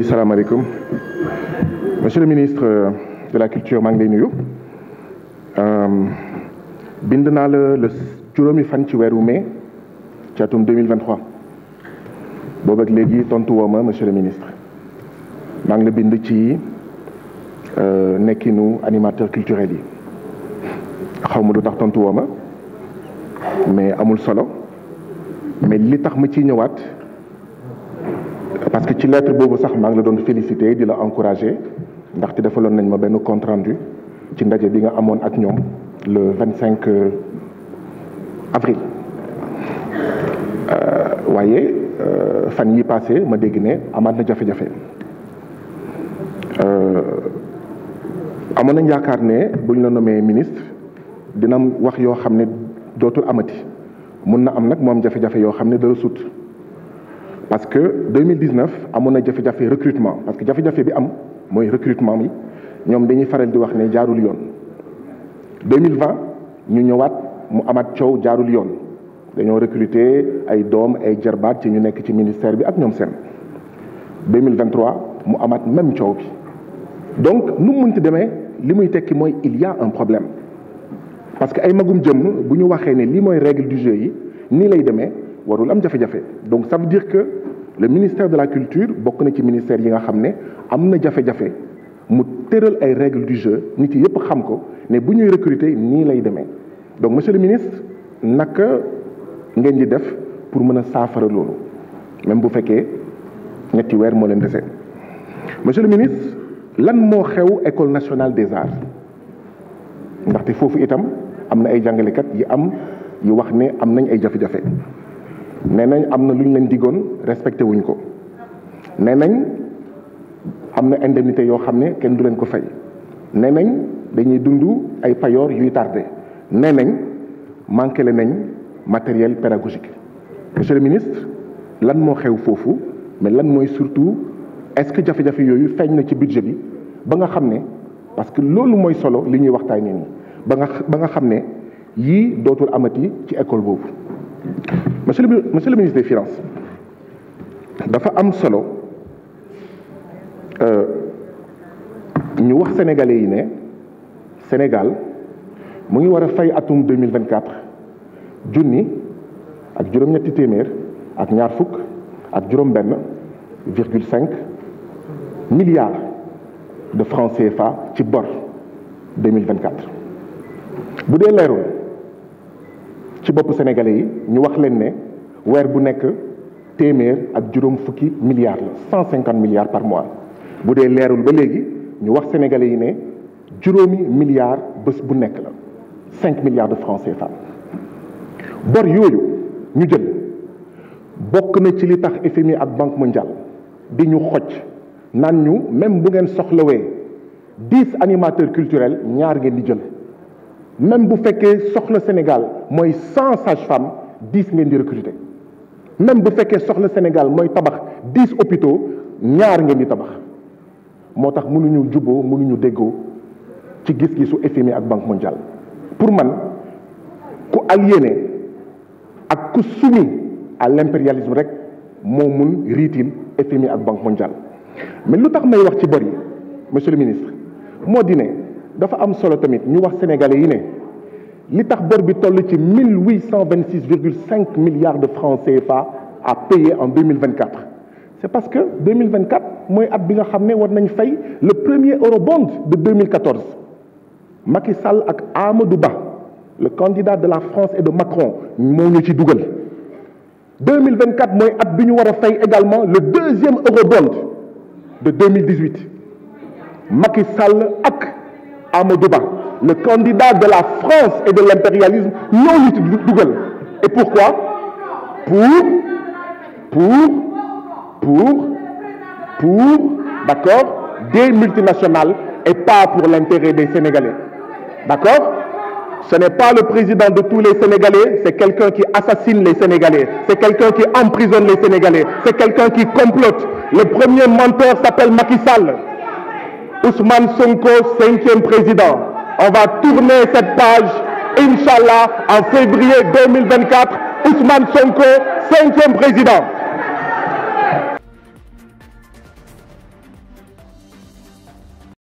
Salam alaikum. Monsieur le ministre euh, de la Culture, maa ngi lay euh, le juróomi fan ci weeru mai ci 2023 Bobet ak léegi tontu monsieur le ministre maa ngi la bind euh, animateur culturel yi xaw ma tontu mais amul solo mais li tax ma parce que ci lettre boobu sax maa ngi la félicité di la encouragé compte rendu ci ndaje bi nga ak le 25 euh, avril euh, waaye euh, yi passé ma dégg ne na jafe-jafe amoon nañ yaakaar ne buñ nommé ministre dina wax yoo dootul amati parce que 2019 amone na jafe recrutement parce que jafe-jafe bi am moy recrutement mi ñoom dañuy faral di wax né jaarul yoon 2020 ñu ñëwaat mu amat ciow jaarul yoon dañoo recruter ay doom ay jarbaat ci ñu nekk ci ministère bi ak ñom sen 2023 mu amat même ciow bi donc nu mu munti demee li tekki moy il y a un problème parce que ay magum jëm buñu waxé né li moy règle du jeu yi ni lay démé warul am jafe-jafe donc ça veut dire que le ministère de la culture bokk na ci ministère yi nga xamné ne jafé jafé mu téreul ay règles du jeu nit yi yëpp xam ko ne bu ñuy recruter ni lay démé donc monsieur le ministre naka ngeen di def pour mëna a lolu même bu féké ñetti wër mo leen déssé monsieur le ministre lan mo xew école nationale des arts té fofu itam am ay ay kat yi am yu wax né am nañ ay jafé jafé nous avons am na respecté wuñ ko Nous avons indemnité yoo xam ne kenn du leen ko fay dañuy le nañ matériel pédagogique monsieur le ministre lan moo xew foofu mais lan mooy surtout est-ce que jafe-jafe yooyu na ci budget bi ba parce que loolu mooy solo li ñuy waxtaanee nii ba nga ba nga xam amati ci école monsieur le, ministre des Finances, dafa am solo euh, ñu wax sénégalais yi sénégal nous ngi wara en 2024 junni ak juróom ñetti avec ak ñaar fukk ak juróom benn virgule milliard de francs cfa ci bor 2024 bu dee leerul ci bopp sénégalais yi ñu wax leen ne weer bu nekk téeméer ak juróom fukki milliards la cent cinquante milliards par mois bu dee leerul ba léegi ñu wax sénégalais yi ne juróomi milliards bés bu nekk la cinq milliards de francs CFA bor yooyu ñu jël bokk na ci li tax FMI ak banque mondiale di ñu xoj naan ñu même bu ngeen soxlawee dix animateurs culturels ñaar ngeen di jël même si fekkee le Sénégal moi 100 sages-femmes 10 ngeen di recruter même si fekkee le Sénégal y a 10 hôpitaux ñaar ngeen di tabax nous gis FMI Banque mondiale. pour moi, ku aliéné ak soumis à l'impérialisme rek moo mun riitil FMI ak Banque mondiale mais lu tax may monsieur le ministre Je dis dafa am solo tamit ñu wax sénégalais yi ne li tax bor bi milliards de francs CFA à payer en 2024. C'est parce que en 2024, nous avons fay le premier eurobond de 2014. Macky Sall ak Amadou le candidat de la France et de Macron moo ñu ci dugal 2024, fay également le deuxième eurobond de 2018. Macky Sall ak. Amadouba, le candidat de la France et de l'impérialisme, non Google. Et pourquoi Pour, pour, pour, pour, d'accord, des multinationales et pas pour l'intérêt des Sénégalais. D'accord Ce n'est pas le président de tous les Sénégalais, c'est quelqu'un qui assassine les Sénégalais, c'est quelqu'un qui emprisonne les Sénégalais, c'est quelqu'un qui complote. Le premier menteur s'appelle Macky Sall. Ousmane Sonko, cinquième président. On va tourner cette page, Inch'Allah, en février 2024, Ousmane Sonko, cinquième président.